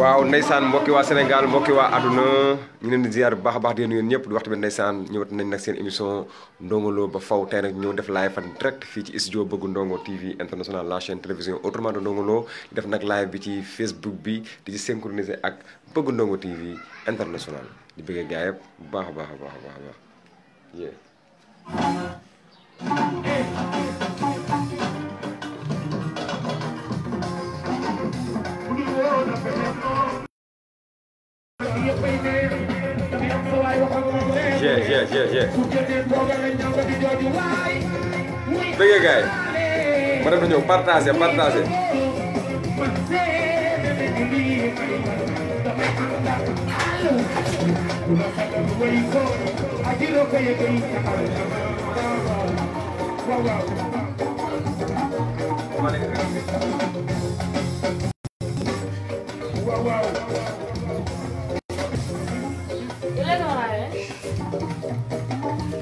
waaw ndeysaan mbokki waa Sénégal mbokki waa àdduna ñu leen di ziar bu baax baax di nuyu ñëpp di wax tamit ndeysaan ñëwat nañ nag seen émission Ndongo Lo ba faw tey nag ñëw def live fan direct fii ci studio Bëgg Ndongo TV international la chaîne télévision autrement de Ndongo Lo def nag live bi ci Facebook bi di ci synchroniser ak Bëgg Ndongo TV international di bëggee gaa yëpp bu baax a baax a baax a baax baax yes yes yes. dëgg gaay ma dem na ñëw partagé partagé.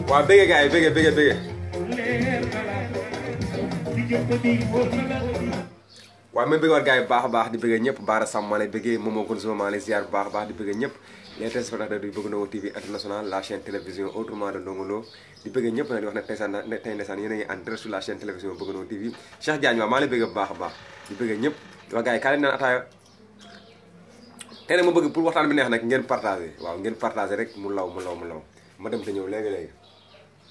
waaw bëgge gars yi bëgge bëgge bëgge waaw ma bëgg war gars yi baax a baax di bëgge ñëpp baara sàmm maa lay bëggee moom moo kon suma maa lay ziar bu baax a baax di bëgge ñëpp les téléspectateurs du Bëgg Ndongo TV international la chaîne télévision autrement de Ndongo Lo di bëgg ñëpp nag di wax ne tey ne tey ndeysaan yéen a ngi en direct sur la chaîne télévision Bëgg Ndongo TV Cheikh Diagne waaw maa lay bëgg bu baax a baax di bëgg ñëpp di wax gars yi kaa leen naan ataaya tey nag ma bëgg pour waxtaan bi neex nag ngeen partagé waaw ngeen partagé rek mu law mu law mu law ma dem te ñëw léegi-léegi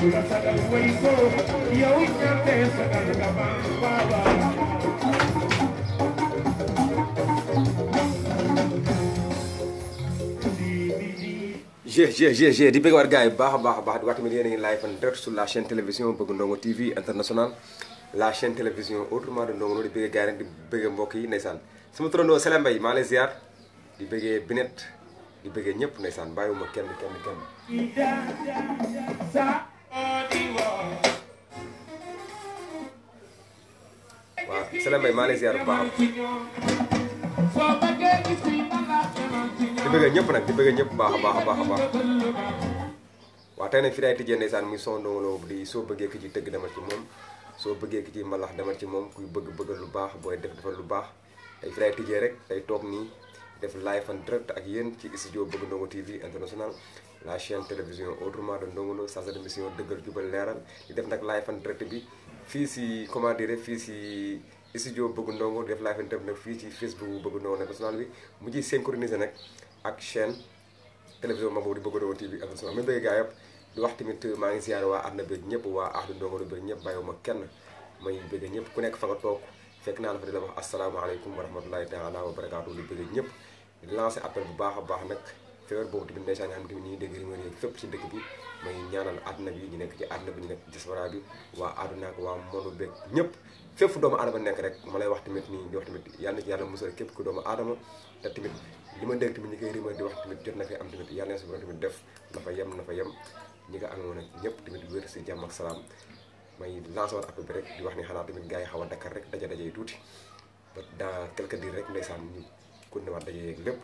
ku la sagal di bëgg war gars baax a baax baax di wax tamit yéen a ngi live en sur la chaîne télévision Bëgg Ndongo TV internationale la chaîne télévision autrement de Ndongo di bëgg gars yi di bëgg mbokk yi ndeysaan sama turandoo Sele Mbaye maa lay di bëggee Binet di bëggee ñëpp ndeysaan bàyyiwuma kenn kenn kenn Wow, selain bayi manis ya rubah. Dibega ñëpp nak dibega ñëpp baax baax baax baax. Wa tay nak fi day tijé ndaysan muy son lo bi so bëggé ki ci tëgg dama ci mom, so bëggé ki ci malax dama ci mom kuy bëgg bëgg lu baax boy def dafa lu baax. ay fi day tijé rek ay tok ni def live and direct ak yeen ci studio bëgg ndongo TV international. la chaîne télévision autrement de Ndongo Lo chargé de mission dëggal jubal leeral di def nag live en direct bi fii si comment dire fii si studio Bëgg Ndongo def live en direct nag fii ci Facebook Bëgg Ndongo nag national bi mu ciy synchronisé nag ak chaîne télévision mag boobu di Bëgg Ndongo TV ak national même bëgg gaa yëpp di wax tamit euh, maa ngi ziare waa àdduna bi ñëpp waa ahlu Ndongo Lo bi ñëpp bàyyiwuma kenn may bëgg ñëpp ku nekk fa nga toog fekk naa la fa di la wax asalaamaaleykum wa rahmatulahi taala wa barakaatu li bëgg ñëpp lancé appel bu baax a baax nag secteur boobu di ndeysaan xam tamit ni ñuy dégg rumeur yeeg fépp si dëkk bi may ñaanal aduna bi ñu nekk ci aduna bi ñu nekk diaspora bi wa aduna ak wa modou beeg ñep fep doomu adama nekk rek ma lay wax tamit ni di wax tamit yalla na ci yàlla musal képp ku doomu adama te tamit lima ma dégg tamit ñi kay rumeur di wax tamit jot na fi am tamit yalla na si borom tamit def na fa yem na fa yem ñi nga amoon ak ñep tamit wër ci jamm ak salam may lancer wat appel bi rek di wax ni xala tamit gaay xawa Dakar rek daja daje tuti ba da quelques dir rek ndeysaan ñu continué waat daje yeeg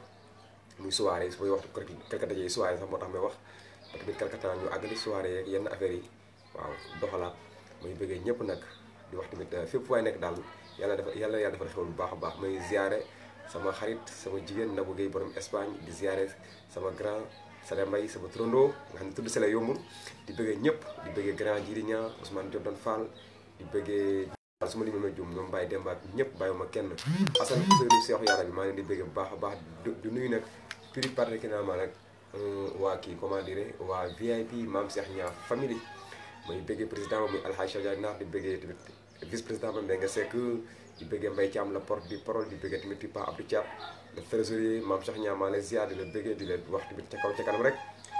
muy soirée su waxtu kër gi kër dajé soirée sax motax may wax parce que biir kër kata ñu àggali soirée ak yenn affaire yi waaw doxala muy bëggé ñëpp nak di wax tamit fepp way nek dal yalla dafa yalla yalla dafa xew lu baax baax may ziaré sama xarit sama jigéen Nabou gay borom Espagne di ziaré sama grand sale Mbaye sama trondo nga ñu ne tudd Sala yombul di bëggé ñëpp di bëggé grand Jiriña Ousmane Jordan Fall di bëggé waaw limi ma limee ñom juum ñoom Baye Demba ak ñëpp bàyyiwuma kenn Assane Seydou Seexu yàlla bi ma ngi di bëgg bu baax baax du nuyu nak prix particulièrement nag wa ki comment dire wa VIP mam Cheikh Niang family moy bëggee président moy al Alhaji Dia di bëggee tamit vice président mam Mbengue Seck di bëggee mbay cham la porte bi parole di bëggee tamit Pa Abdou Thiam le trésorier mam Cheikh Niang maa ziar di la di le wax tamit ci kaw ci kanam rek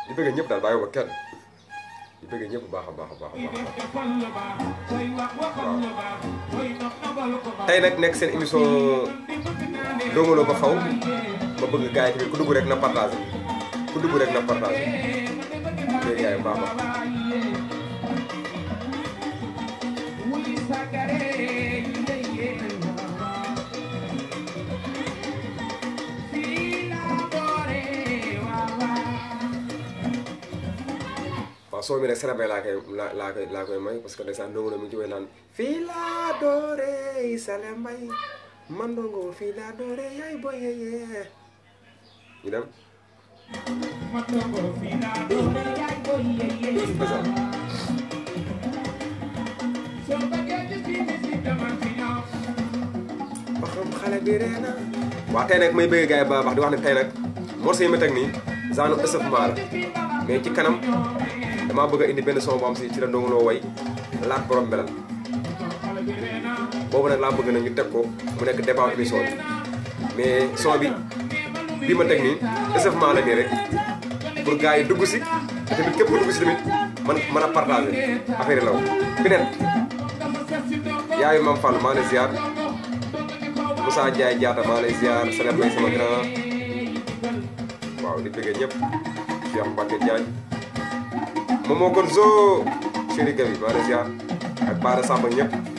di bëggee ñep dal bayo ko kenn di bëggee ñëpp baax a baax a baax a baax émission ba faw ba bëgg rek na partagé ku dugg rek na partagé léegi yaay baax baax waaw soo mi rek laa koy may parce que la mu ngi ci way fii laa doore sale mbay yaay ñu dem ba xam xale bi ree na waaw tey nag may bëgg gars yi ma teg nii genre échauffement la mais ci kanam damaa bëgg a indi benn son bu si ci la Ndongo Lo way laat borom belal boobu nag laa bëgg na ñu teg ko mu nekk débat émission bi mais son bima tek ni nii ma la ni rek pour gaay dugg ci te tamit képp dugg ci tamit man mën a partager affaire law benen yaay mam Fall ma ngi lay ziar musa jaay jaata ma ngi lay ziar salam Mbaye sama grand waaw di bëggee ñëpp Cheikh Mbacke Diagne moom mo kon zoo Chéri Gaby maa ngi lay ziar ak ba Baara Samba ñëpp.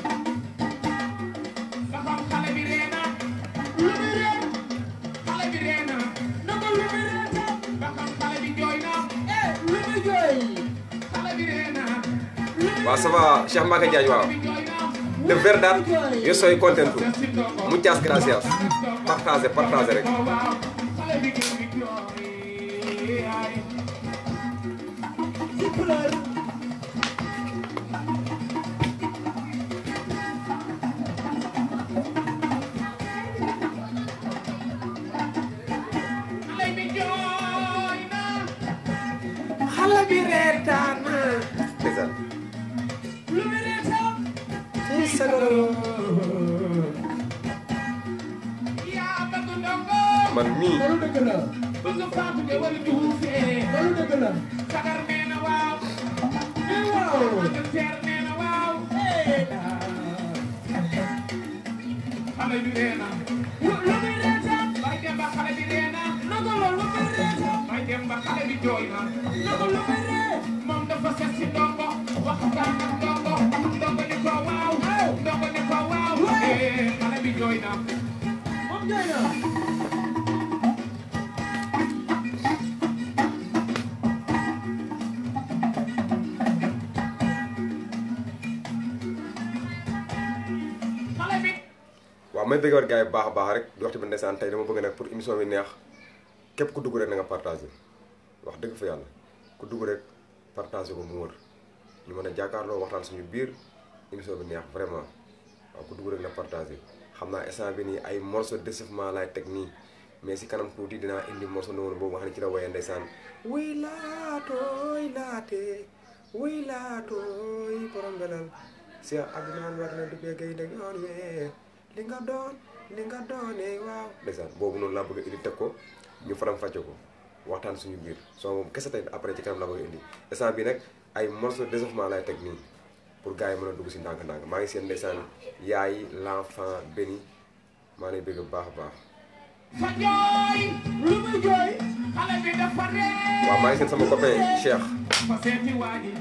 ça va Cheikh a Diagne waaw de verdad yo soy contento muchas gracias partagez partagez sagaloo man mii loolu dëgg la bëgg faatu de wala duufee loolu dëgg la sagar nee na waaw waaw seer nee na waaw xale bi nee na lu muy reeta bay dem ba xale bi nee na nago loolu lu muy reeta bay dem ba xale bi jooy na nago lu muy ree moom dafa set si ndongo waxtaan ak ndongo join up. Mom join up. may bëgg gaay baax baax rek di wax ci ba ndeysaan tey dama bëgg nak pour émission bi neex képp ku dugg rek na nga partager wax dëgg fa yalla ku dugg rek partager ko mu wër ñu mëna jaakarlo waxtaan suñu biir émission bi neex vraiment waaw ku dugg rek na partager xamna instant bi ni ay morceau de chef ma lay tek ni mais ci kanam touti dina indi morceau numéro boobu nga xam ne ci la woyee ndeysaan wuy laatooy laate wuy laatooy borom belal si abdinaan war na du beegay de yoon yee li nga don li nga doné eh, waaw ndaysan bobu non la bëgg indi teg ko ñu faram faccio ko waxtan suñu biir so mom kessa tay après ci kanam la bëgg indi instant bi nak ay morceau de chef ma lay tek ni pour gars yi mën a dugg si ndànk-ndànk maa ngi seen ndeysaan yaay l'enfant béni maa ngi bëgg baax a baax. fa jooy lu waaw maa ngi seen sama copain Cheikh.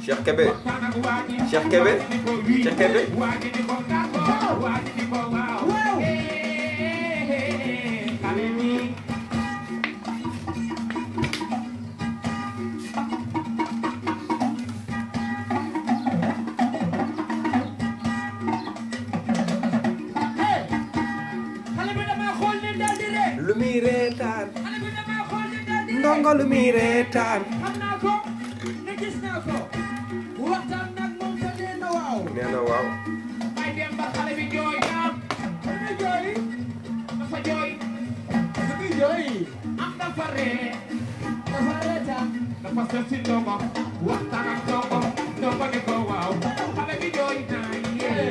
Cheikh Kébé. Cheikh Kébé. Cheikh Kébé. dongo lu muy reetaan xam naa ko ne gis naa ko waxtaan nag moom te nee na waaw nee na waaw may dem ba xale bi jooy naam dafa jooy dafa jooy dafa jooy am dafa ree dafa reetaan dafa sël si dongo waxtaan ak dongo dongo ne ko waaw xale bi jooy naay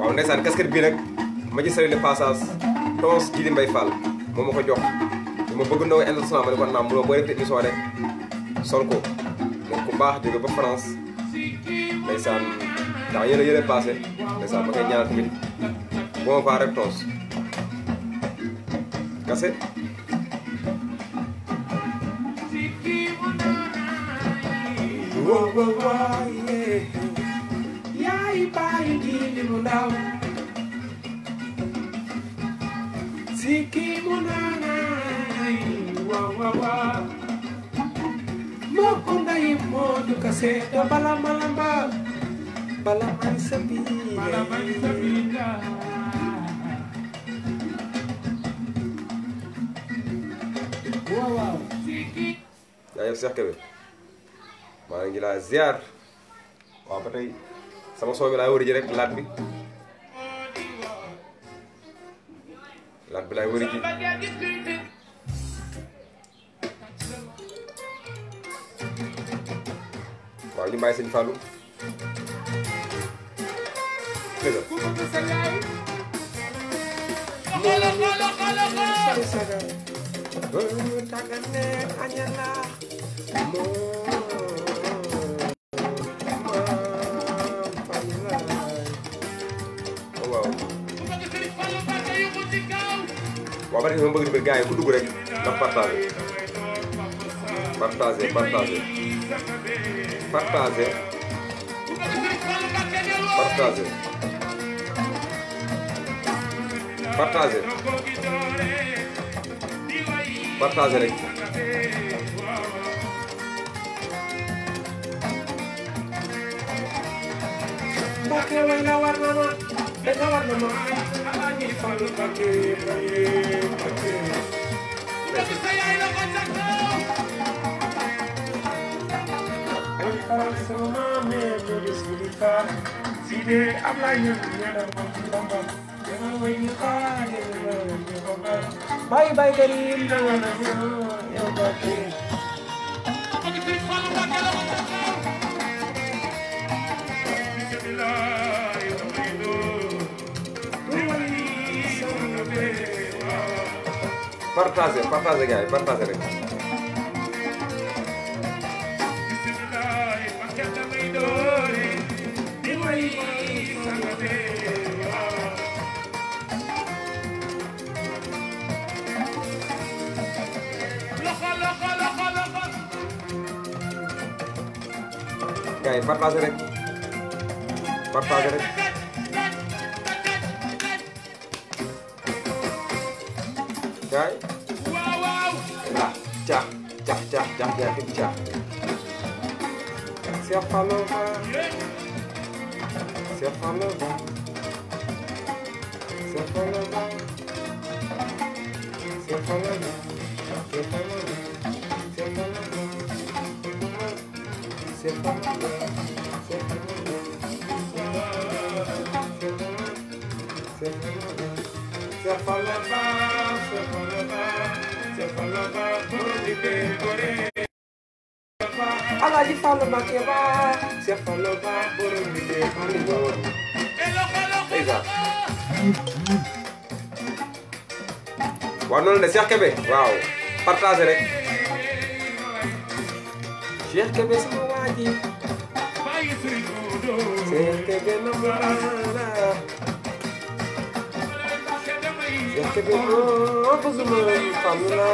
waaw ndeysaan casquette bi nag ma ci sali le passage tons Djily Mbaye Fall moom ma ko jox ma bëgg ndaw international ma ne ko naam munoo boo def te émission rek sol ko moom ku baax jóge ba France ndeysaan ndax yéen a yéen a passé ndeysaan ma koy ñaanal tamit bon va réponse kase yaay bàyyi jiili mu ndaw wawa mokunda yimodu kaseto balamalamba balamansabinda wawa ya, jaajëf Cheikh Kébé maa ngi laa ziar waaw ba tey sama soo bi laay wëri ji rek laat bi laat bi laay wëri ji waaw ñu may sëñ Fallou dëgg waaw ba tey dama bëgg gars yi ku dugg rek ndax partagé partagé partagé partagez partagez partagez partagez rek Mbàkke way na war na ma danga war na ma Alaaji Fallu Mbàkke Mbàkke Mbàkke defal sama maam yi ñu di sidi faal si dee am la ñu ñaanal ko ci bambal defal way ñu xaale ñu bambal bàyyi bàyyi karim dawal na yow bàkki partagez partagez gars yi partagez rek kay partage rek partage rek kay ah caax caax caax caax jaay fi caax Cheikh Fallou Ba Cheikh Fallou Ba Sefalaba, sefalaba, sefalaba, burdi begore. Ala di falaba keba, sefalaba, burdi begore. Esatto. waaw noonu la Cheikh Kébé waaw partage rek Cheikh Kébé sama Kebe ko buzuma ifamula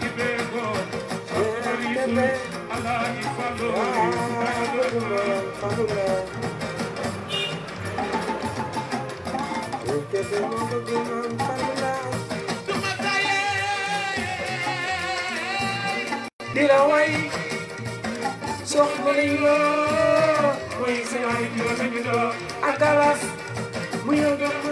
Kebe buzuma ifamula Kebe buzuma ifamula Dila way Soxbali la Way sa ay dila sa dila Agalas Muyo gamu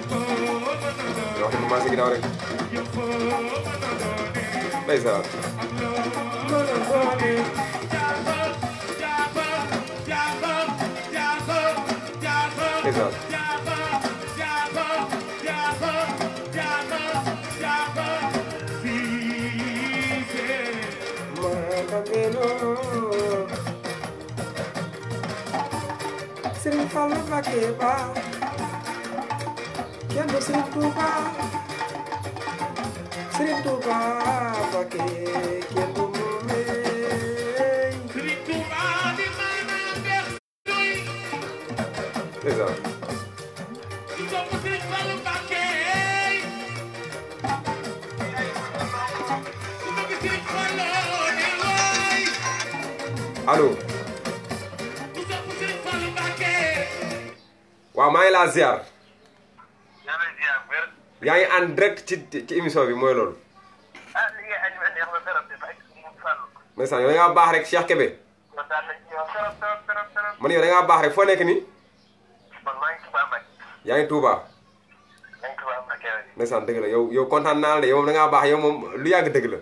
oto bi maa si ginnaaw rek ndeysaan ndeysaan Sëriñ Fallu Mbakke ba kenn du Sëriñ Tuuba allo waaw maa ngi laa ziar yaa ngi en direct ci ci émission bi mooy loolu ndeysaan yow da ngaa baax rek Cheikh Kébé man yow da ngaa baax rek foo nekk ni yaa ngi Touba ndeysaan dëgg la yow yow kontaan naa la de yow moom da baax yow moom lu yàgg dëgg la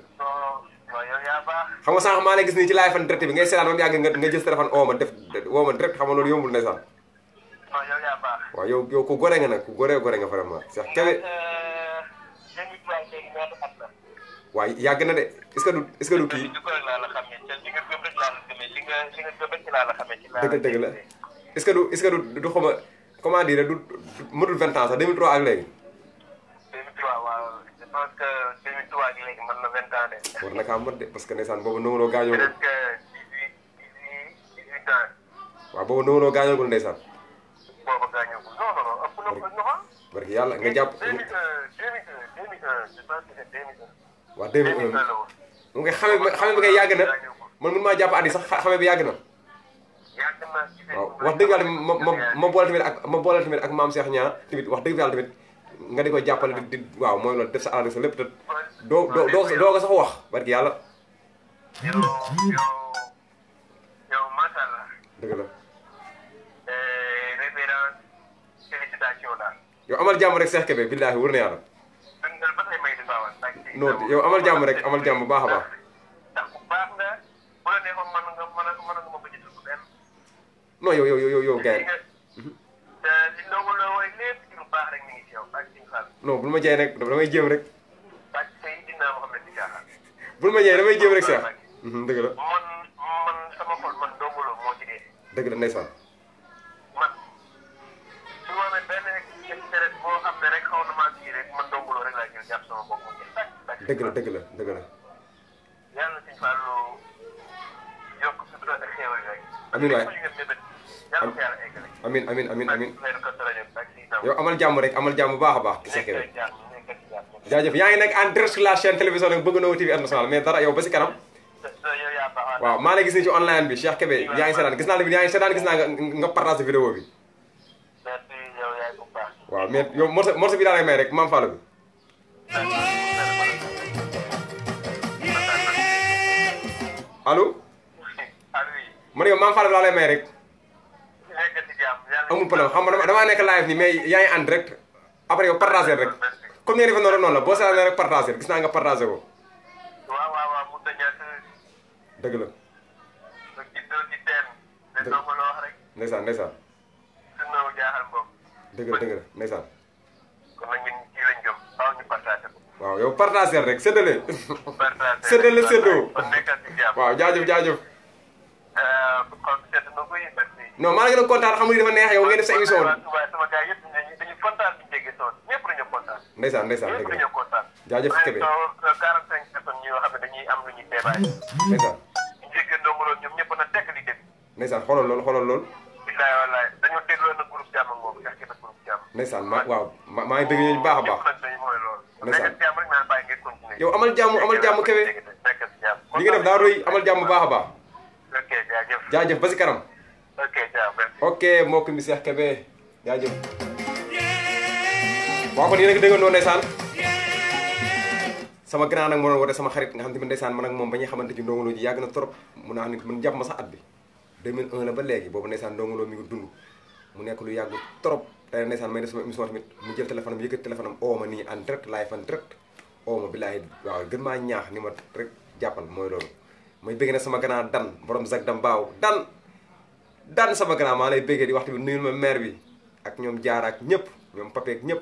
xam nga sànq maa lay gis nii ci live fan direct bi ngay seetaan moom yàgg nga nga jël téléphone oo ma def woo ma direct xam nga loolu yombul ndeysaan waaw yow yow ku gore nga nag ku gore gore nga vraiment Cheikh Kébé euh, waaye yàgg na de est-ce que du est-ce que du kii. dëgg dëgg la est-ce que du est-ce que du du xama comment dire du mënul vingt ans sax 2003 ak léegi. 2003 waaw je pense que 2003 ak léegi mën na vingt ans de. war na kaa mën de parce que ndeysaan boobu nangu loo gaañoo. presque 18 18 ans. waaw boobu nangu loo gaañoo gul ndeysaan. boobu gaañoo gul non non non ëpp na ko. barki yàlla nga jàpp. 2001 2001 je pense que c'est 2001. waaw 2001 mu ngi xame ba xame ba kay yàgg na man mën maa jàpp at sax xame bi yàgg na waaw wax dëgg yàlla ma ma ma ak ma boole tamit ak maam Cheikh Niang tamit wax dëgg yàlla tamit nga di ko jàppale di di waaw mooy loolu lépp te doo wax barki yàlla. yow yow macha eh, rek Cheikh Kébé billaahi wër na yàlla. non yow amal jàmm rek amal jàmm bu baax a baax. non yow yow yow yow gars non bul ma jaay rek damay jéem rek. bul ma jaay damay jéem rek sax. Mhm, dëgg la. dëgg la laa jël jàpp sama bopp mu jeex tàkk. dëgg la dëgg dëgg la. yàlla na suñu fàllu yokk su doon rek. amiin waay amiin amal jàmm rek amal jàmm bu baax a baax. kese kese jaajëf yaa ngi nekk en direct sur la chaîne télévision bëgg na TV International mais dara yow ba si kanam. waaw maa ngi gis nii ci online bi Cheikh Kébé yaa ngi seetaan gis naa la yaa ngi seetaan gis naa nga partage vidéo bi. waaw mais yow morceau morceau bi daa lay rek maa Fallou bi. allo. ma ne ko maam Fallou laa lay may rek. amul xam nga damaa nekk live nii mais yaa ngi en direct après yow partagé rek comme ni nga defee noonu noonu la boo seetlee rek partagé gis naa nga partagé ko. waaw waaw waaw mu dëgg la. ndeysaan ndeysaan. dëgg faaw ñu partagé ko. waaw yow partagé rek séddale. partagé séddale séddoo. waaw jaajëf jaajëf. kon ko yéen merci. non maa ngi doon kontaan ne nga dafa neex yow ngeen def sa émission bi. waaw sama gars yëpp dañuy kontaan ñu jege soon ñëpp dañoo kontaan. ndeysaan ndeysaan ne dañuy am ñu jéggee ndongo loolu ñoom ñëpp na tekk li dégg. ndeysaan xoolal lool xoolal lool. bilaay wallaay dañoo dégloo na waaw maa ngi dégg baax a baax. yow amal jamu, amal jamu kebe li nga def daa roy amal Oke, baax a baax jaajëf Oke, si Oke, ok mbokk mi Cheikh Kebe jaajëf waaw kon yéen a ngi déggoon noonu sama grand nag moo doon woote sama xarit nga xam te ne ndeysaan man ak moom ba ñuy xamante ci ndongoloo ji yàgg na trop mun naa ni man jàpp ma at bi 2001 la ba léegi boobu ndeysaan ndongoloo mi ngi dund mu nekk lu yàgg trop tey ndeysaan may def sama émission tamit mu jël téléphone am yëkkat téléphone am oo ma nii en direct live en direct oo ma waaw gën maa ñaax ni ma rek jàppal mooy loolu mooy bëgg na sama ganaar dan borom zak dam baaw dan dan sama ganaar maa lay bëggee di waxtu bi nuyul ma maire bi ak ñoom jaar ak ñëpp ñoom papeek ñëpp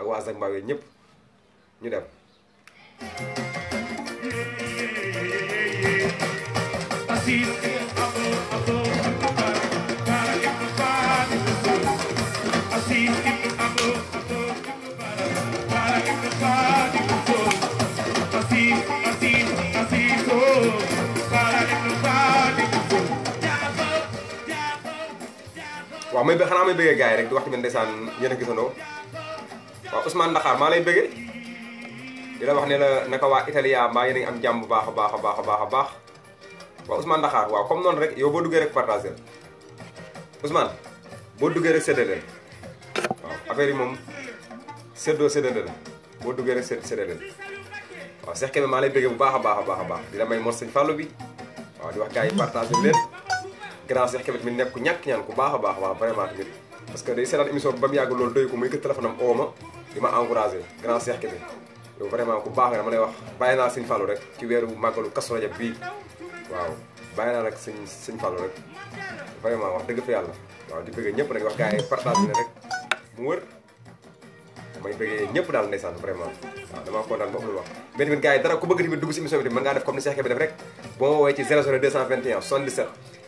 ak waa zak mbaaw yooyu ñu dem may xanaa may bëggee gars yi rek di wax tamit ndeysaan yéen a gisandoo waaw Ousmane Ndaxaar maa lay bëggee dina wax ne la naka waa Italia maa yéen a am jàmm baax a baax a baax a baax a baax waaw Ousmane Ndaxaar waaw comme noonu rek yow boo duggee rek partagé Ousmane boo duggee rek séddale waaw affaire yi moom séddoo séddale la boo duggee rek séddale la waaw Cheikh Kébé maa lay bëggee bu baax a baax a baax a baax di la may mor sëñ Fallou bi waaw di wax gars yi leen grand Cheikh Kébé tamit nekk ku ñàkk ñaan ku baax a baax waaw vraiment tamit parce que day seetaan émission bi ba mu yàgg loolu doy ko muy que téléphone am oo ma di ma encouragé grand Cheikh Kébé yow vraiment ku baax nga dama lay wax bàyyi naa Sëñ Fallou rek ci weeru màggalu Kazu Rajab bii waaw bàyyi naa rek Sëñ Sëñ Fallou rek vraiment wax dëgg fa yàlla waaw di bëggee ñëpp nag wax gars yi partage ne rek mu wër may bëggee ñëpp daal ndeysaan vraiment waaw damaa kontaan ba amul wax mais tamit gars yi dara ku bëgg tamit dugg si émission bi tamit mën ngaa def comme ni Cheikh Kébé def rek boo ma ci 00221 77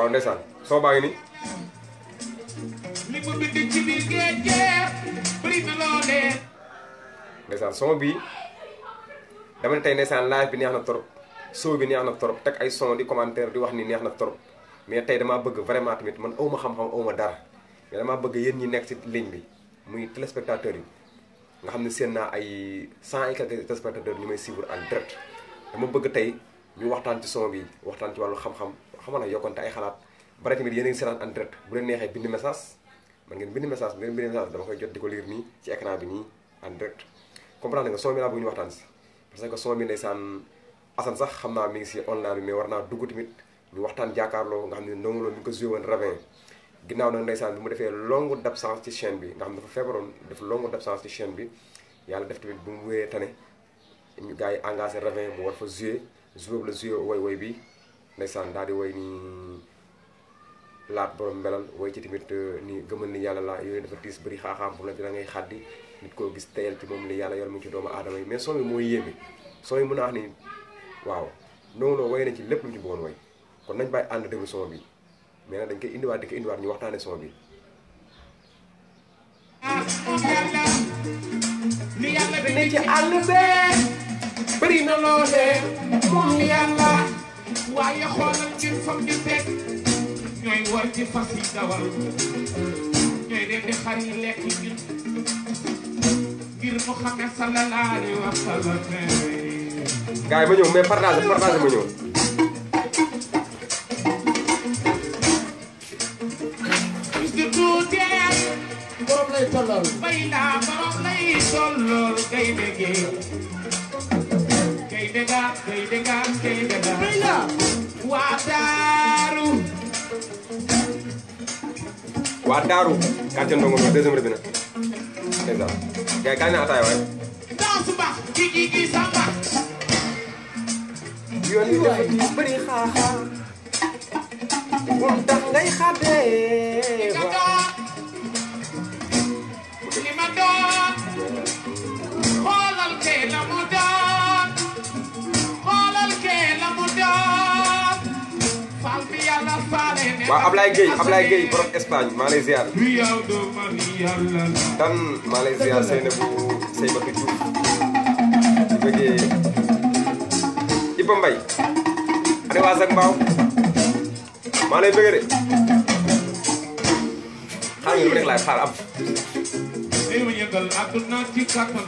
waaw ndeysaan soo baa ni li mu bind ci biir géej bëri na son dama live bi neex na trop show bi neex na trop teg ay son di commentaire di wax ni neex na trop mais tey damaa bëgg vraiment tamit man awma xam-xam awma dara mais damaa bëgg yéen ñi nekk ci ligne bi muy téléspectateurs yi nga xam ne seen naa ay cent et quelques téléspectateurs ñu may suivre en direct dama bëgg ñu waxtaan ci son bi waxtaan ci wàllu xam-xam xam nga nag yokkante ay xalaat bare tamit yéen a ngi seetaan en direct bu leen neexee bind message man ngeen bind message ngeen bind message dama koy jot di ko lire nii ci écran bi nii en direct comprendre nga son bi laa ñu waxtaan si parce que son bi ndeysaan sax xam naa mi ngi si online bi mais war naa dugg tamit ñu waxtaan jàkkaarloo nga xam ne Ndongo Lo mi ngi ko joué woon Ravin ginnaaw nag ndeysaan bi mu defee longue d'absence ci chaîne bi nga xam ne dafa feebaroon def longue d'absence ci chaîne bi def tamit bu mu wéyee tane gars yi engagé Ravin mu war fa joué joué la joué bi ndeysaan daal di woy ni laat borom mbelal woy ci tamit euh, ni gëmal ni yàlla laa yooyu dafa tiis bëri xaaxaam bu la dina ngay xaddi nit koo gis teyal ci moom li yàlla yor mu ci doomu aadama yi mais son bi mën a wax ni waaw non non ci lépp lu ci bëggoon kon nañ bàyyi bi mais nag dañ koy indiwaat di ko waxtaane son bi li yàlla Why you me from the waaye xoolal ngir fam di fekk ñooy war di fas yi dawal ñooy dem di xar yi lekk ngir ngir Muhammad sallallahu alayhi wa sallam gars yi ma ñëw mais partage partage ma ñëw borom lay tollool bay laa borom lay tollool gay dégg Bila wadaru. Wadaru, kacang dong ngomong desa mereka. Kita, kayak apa ya? Tahu sembah, gigi gigi waaw Ablaye Gueye Ablaye Gueye borom Espagne maa lay ziar tan maa lay ziar Seynabou Seybatu Diouf di bëggee Iba Mbaye ane waa lay bëggee de xaar nga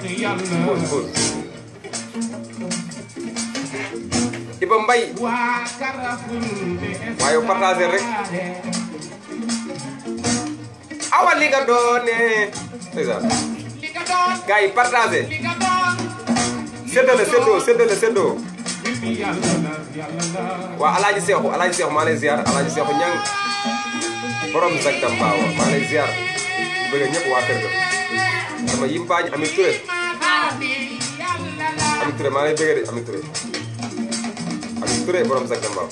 Iba Mbay waaye partager rek eh. Awal li nga doone c'est ça gars yi partager séddale séddoo séddale séddoo waa alaaji seexu alaaji seexu maa lay ziar alaaji seexu ñang borom sax tam baawa maa ziar bëgg kër ga sama yimpaañ ami Touré ami bëgg de Touré borom Zag Mbaaw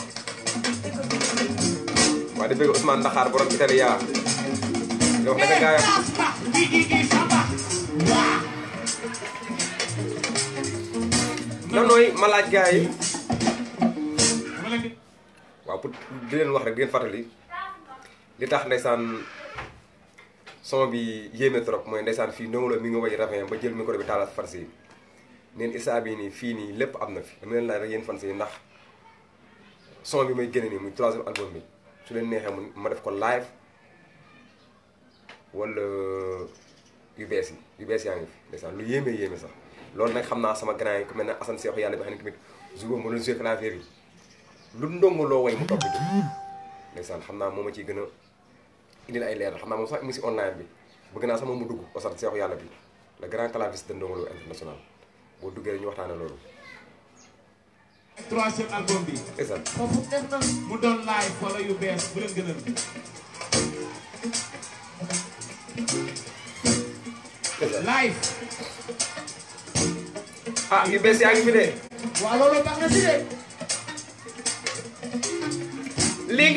waa di bëgg Ousmane Ndaxaar borom Italia di wax naka gaayam lan nooy ma laaj yi waaw pour di leen wax rek di leen fàttali li tax ndeysaan son bi yéeme trop mooy ndeysaan fii Ndongo Lo mi ngi way rafet ba jël micro bi taalaat farsi neen isaa bi nii fii nii lépp am na fi dama leen laaj rek yéen fan si ndax son bi may génne nii muy troisième album bi su leen neexee ma def ko live wala yu euh, bees yi yu bees yaa ngi fi ndeysaan lu yéeme yéeme sax loolu nag xam naa sama grand yi ku mel ne Assane Seexu yàlla bi xam ne tamit joué ma doon lu ndongo way mu topp di ndeysaan xam naa moom a ciy gën a indil ay leeral xam naa moom sax mu si online bi bëgg naa sax moom mu dugg Assane Seexu yàlla bi la grand claviste de ndongo loo boo duggee ñu waxtaanee loolu troisième album bi foofu def na mu doon live wala yu bees bu leen gënal live ah yu bees yaa fi de waaw loolu tax na si de li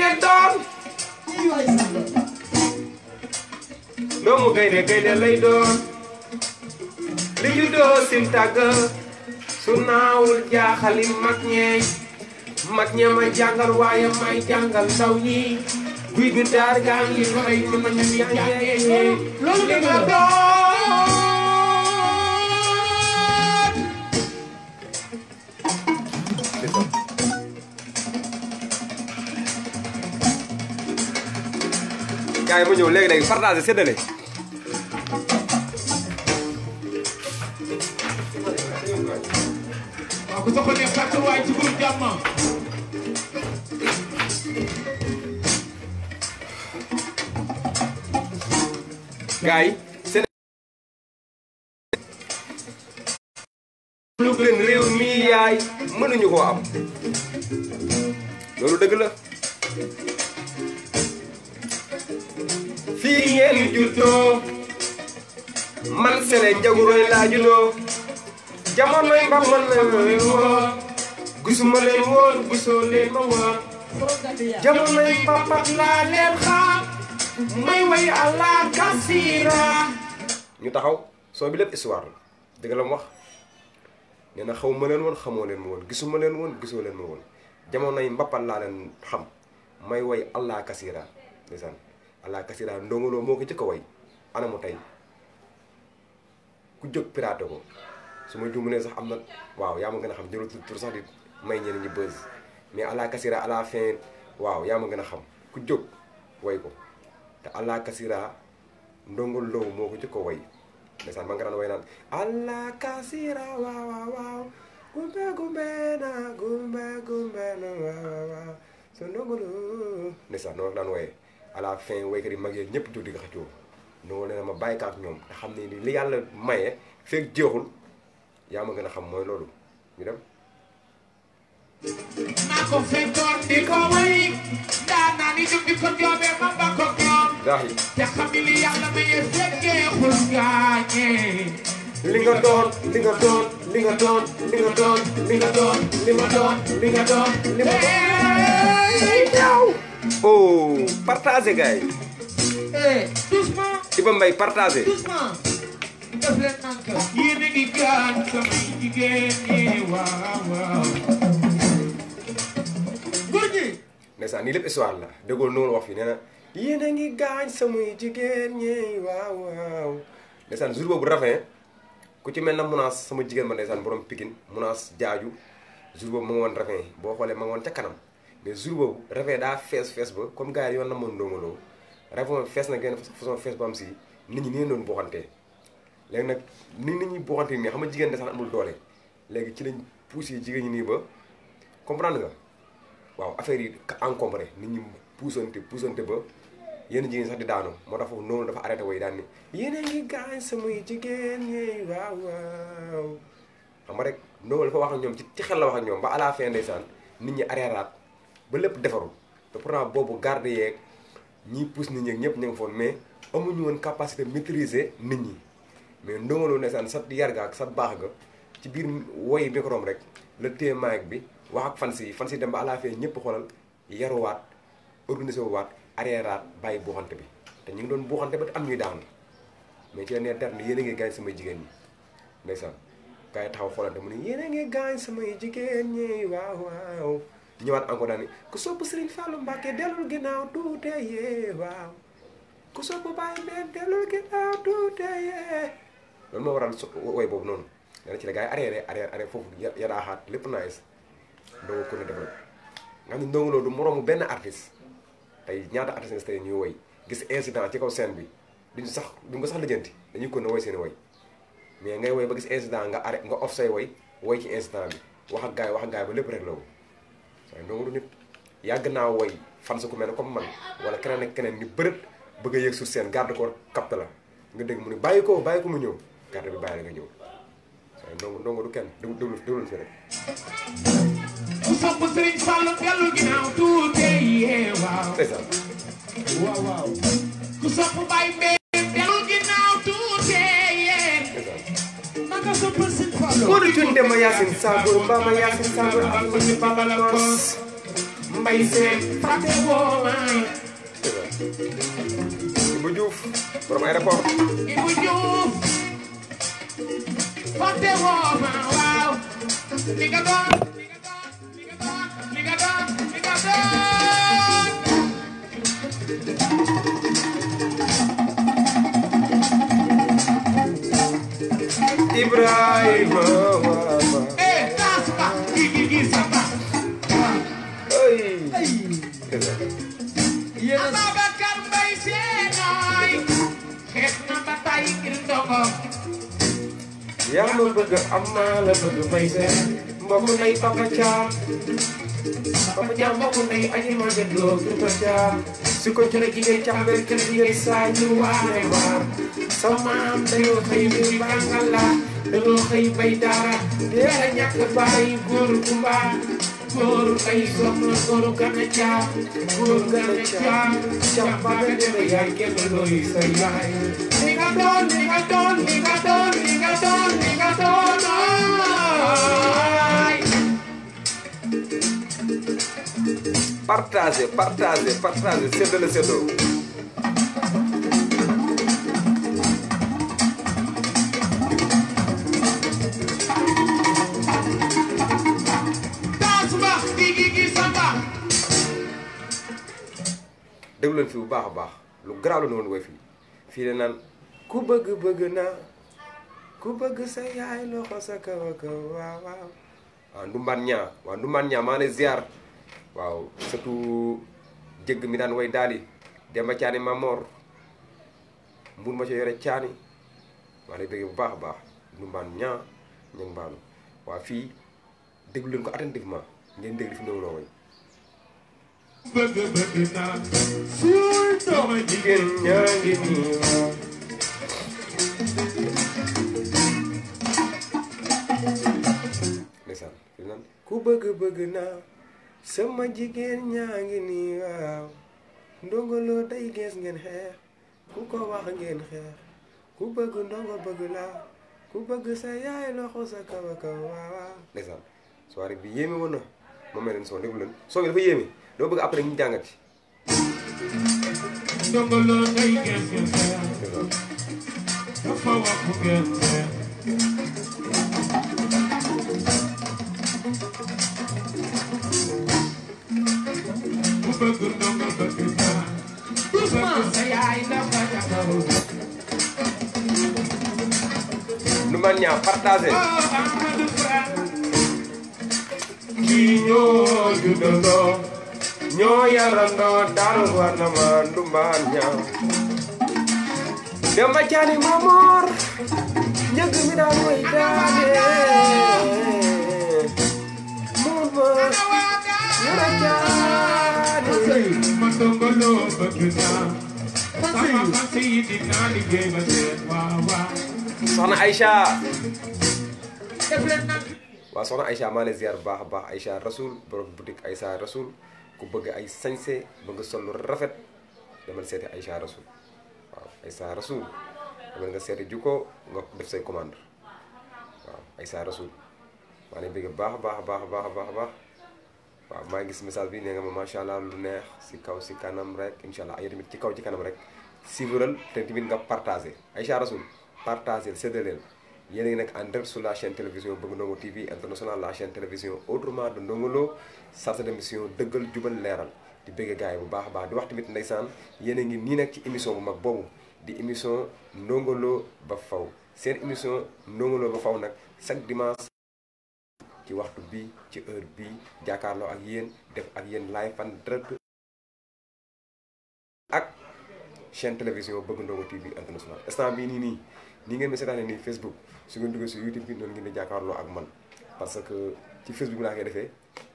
lay doon li ñu su naawul jaaxali mag ñee mag ña ma jàngal waaye may jàngal ndaw ñi guy gi daar gaa ngi fay mën ñu jàngee loolu li nga doon gars yi ma ñëw léegi-léegi partagé séddale waaw ku soxla fàttu réew mi yaay mënuñu koo am loolu dëgg la fii ngeen juddoo man sene njaguroy laa juddoo jamonoy mbambal laa leen xaar may way allah kasira ñu taxaw soo bi lépp histoire la dëgg la mu wax nee na xaw leen woon xamoo leen ma woon gisuma leen woon gisoo leen ma woon jamonoy mbappal laa leen xam may way allah kasira ndeysaan allah kasira ndongoloo moo ko jëkk a way anamu tey ku jóg piraté ko su ma juumunee sax am na waaw yaa ma gën a xam jëlul tur sax di may ñeneen ñi buzz mais allah kasira à waaw yaa ma gën a xam ku jóg way ko te allah kasira ndongo low moo ko jëkk ko way ndeysaan ma nga daan way naan allah daan wooyee à la fin waykat yi mag yee ñëpp jóg di nga xëccoo noonu la ma bàyyi kaak ñoom te xam yàlla maye fekk jeexul yaa ma gën a xam mooy loolu ñu dem naa ko fekkoon di ko way daa naa ni jum di ko joobee ma ba ko gaañ te xamili yàlla ma yee fekkee xul gaañee li nga doon li nga doon li nga doon li nga doon li nga doon li ma doon li nga doon li ma doon oh partagez gars yi eh, Iba Mbaye partagez daf leen manqué yéen ngi gaañ sama jigéen ñi waaw waaw góor la déggoo noonu wax fi nee na yéen a ngi gaañ samay jigéen ñi waaw waaw ndeysaan jour boobu rafet ku ci mel na munaas sama jigéen ma ndeysaan borom Pikine munaas jaaju jour boobu ma nga woon rafet boo xoolee ma nga woon ca kanam mais jour boobu rafet daa fees fees ba comme gars yoon na mën ndongaloo rafet fees na genn façon fees ba am si nit ñi nii doon booxantee léegi nag ni nit ñi boo xamante ni xam nga jigéen de sax amul doole léegi ci lañ poussé jigéen ñi nii ba comprendre nga waaw affaire yi encombré nit ñi puusante puusante ba yenn jigéen sax di daanu moo tax foofu noonu dafa arrêté way daan ni yéen a ngi gaañ samay jigéen ñi waaw waaw xam rek noonu dafa wax ak ñoom ci ci xel la wax ak ñoom ba à la fin ndeysaan nit ñi areeraat ba lépp defaru te pourtant boobu garde yeeg ñiy pousse nit ñi ñëpp ñu ngi foon mais amuñu woon capacité maîtriser nit ñi mais Ndongo Lo ndeysaan sa yar ga ak sa baax ga ci biir woyi microm rek la téye mic bi wax ak fans yi fans yi dem ba à la fin ñëpp xoolal yaruwaat organisé waat areeraat bàyyi buuxante bi te ñu ngi doon buuxante ba am ñuy daan mais ci la nee terme yéen a ngi gaañ samay jigéen ñi ndeysaan gars yi taxaw xoolante mu ne yéen a ngi gaañ samay jigéen ñi waaw waaw ñëwaat encore daal ku sopp Serigne Fallou Mbacke dellul ginnaaw tuute yee waaw ku loolu moo waral woy boobu non nee ci la gars yi arrière arrière ya da ya hat lepp nice do ko ne développé nga ni ne Ndongo Lo du moroomu benn artiste tay ñaata artiste nga tey ñuy woy gis incident ci kaw scène bi duñu sax duñ ko sax lejeenti dañuy ko ne woy seen woy mais ngay woy ba gis incident nga arrêt nga off say woy woy ci incident bi wax ak gars wax ak gars ba lepp rek la woon waaye Ndongo nit yag na woy fan sa ko mel comme man wala keneen ak keneen ni bërët bëgg yeek sur scène garde ko capte la nga deg mu ni bayiko bayiko mu ñew carte bi bàyyi la nga ñëw waaye ndongo ndongo ku sopp Serigne Fallou dellu ginnaaw tuuti yeewaaw. Eh, c'est ku sopp Baye Mbaye dellu ginnaaw tuuti eh. yeewaaw. naka sopp Serigne Fallou. ma Yacine Sango Mbama Yacine Sango ak Mbacke Bamba la Kos. Mbaye Sène Faté Womaay. c'est borom aéroport. Ibou Diouf. What they want, wow. Nigga dog, nigga dog, nigga Ibrahim, yaa ma bëgg am maa la bëgg may seen mbokk ndey papa caam papa caam mbokk ndey aji ma gëddoo papa caam su ko jëlee jigéen càmbel kër jigéen saa ñu waare waar sama am dañoo xëy bi bàngala dañoo xëy bay daara teel a ñàkk bàyyi góor ku mbaa Guru kai samra guru karne cha guru karne cha champa de de yai ke boloi sai yai niga don niga don niga don niga don niga don partagez partagez partagez seddale seddoo déglu leen fi bu baax a baax lu garaaw la noonu way fi fii la naan ku bëgg bëgg naa ku bëgg sa yaay loxo sa kaw a kaw waaw waaw waaw Ndoumbane Niang waaw Ndoumbane Niang maa waaw surtout jëgg mi daan way daali Demba Caani Mamor mbur ma ca caani maa bëgg bu baax a baax Ndoumbane Niang ña ngi baanu waaw fii déglu leen ko attentivement ngeen déglu fi mu way bëgg bëgg naa suul jigéen bëgg bëgg naa sama jigéen ñaa ngi nii waaw ndongoloo day gees ngeen xeex ku ko wax ngeen xeex ku bëgg ndongo bëgg laa ku bëgg sa yaay loxo sa kaw a kaw waaw bi yéeme woon na moom mee soo déglu soo bi dafa yéeme doo bëgg après ñu jàngat ci. nu man ñaa partagé kii ñoo juddandoo nyo yarando dal warna mandumbanya demba cani mamor nyagi mi dan way dade mama nyara sama masih di nani game wawa Soalnya Aisyah waa soxna Aïcha maa lay ziar bu baax a baax Aïcha Rasoul borom boutique ku bëgg ay sañse bëgg sol lu rafet demal seeti Aïcha Rasoul waaw Aïcha Rasoul demal nga seeti jukko nga def say commande waaw Aïcha Rasoul maa ngi bëgg baax baax baax baax baax baax waaw maa ngi gis message bi nee nga ma macha allah lu neex si kaw si kanam rek incha allah ay tamit ci kaw ci kanam rek siiwaral te tamit nga partagé ay Rasoul partagé séddaleel yéen a ngi nekk en direct sur la chaîne télévision Bëgg Ndongo TV international la chaîne télévision autrement de Ndongo Lo sasa de deugal djubal leral di bëgg gars bu baax baax di wax tamit ndaysan yene ngi ni nak ci émission bu mag bobu di émission nongolo bafau ba faw seen émission nak ba faw nak chaque dimanche ci waxtu bi ci heure bi jakarlo ak def ak life live fan direct ak chaîne télévision bëgg Ndongo TV international instant bi ni ni ni ngeen ma seetaanee ni Facebook su ngeen dugg ci YouTube bi non ngeen di jakarlo ak man parce que ci Facebook laa koy defee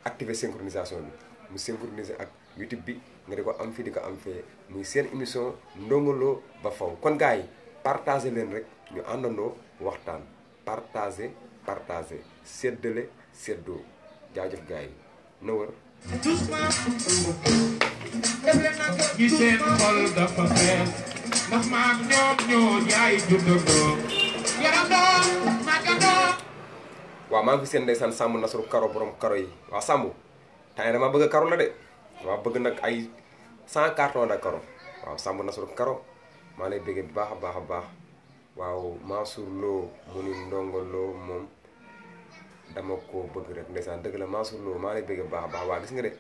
activer synchronisation bi mu synchroniser ak YouTube bi nga di ko am fii di ko am fee muy seen émission Ndongo ba faw kon gars yi partagé leen rek ñu àndandoo waxtaan partagé partagé séddale séddoo jaajëf gars yi na wër ci seen xol dafa fees ndax maag ñoom ñoo yaay juddandoo yaram doon màggandoo waaw maa ngi fi seen ndeysaan sàmm nasru karo borom karo yi waaw sàmm temps dama bëgg karo la de dama bëgg nag ay 100 carton de karo waaw sàmm nasru karo maa lay bëggee bu baax a baax a baax waaw Mansour Lo mu ni Ndongo Lo moom dama koo bëgg rek ndeysaan dëgg la Mansour Lo maa lay bëggee baax a baax waaw gis nga de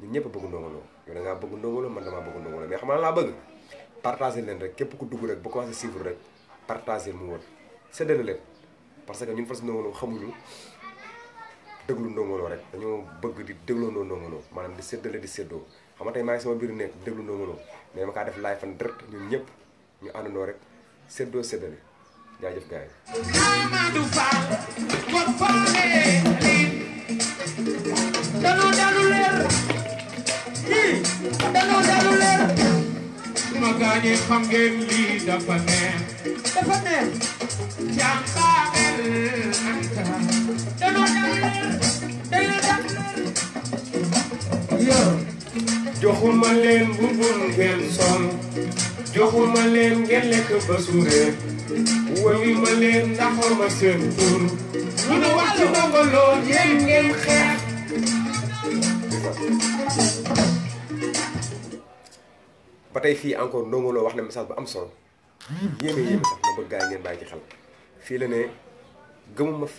ñun ñëpp bëgg Ndongo Lo yow da ngaa bëgg Ndongo Lo man damaa bëgg Ndongo Lo mais xam naa laa bëgg partagé leen rek képp ku dugg rek bu commencé suivre rek partagé mu parce que ñun fas Ndongo Lo xamuñu déglu Ndongo rek dañoo bëgg di dégloondoo Ndongo maanaam di séddale di séddoo xam nga tey maa ngi sama biir nekk déglu Ndongo Lo dama def live fan direct ñun ñëpp ñu àndandoo rek séddoo séddale jaajëf gars yi ma gaañee xam ngeen lii dafa neex dafa neex jàngaa joxuma leen mbubul ngeen sol joxuma leen ngeen lekk ba suuree woyuma leen ndaxama seen tur lu nu wax ci Ndongo Lo ngeen xeex ba tey fii encore Ndongo wax na message bu am solo yéen a yéen bëgg gaa ngeen bàyyi ci xel fii la ne gëm ma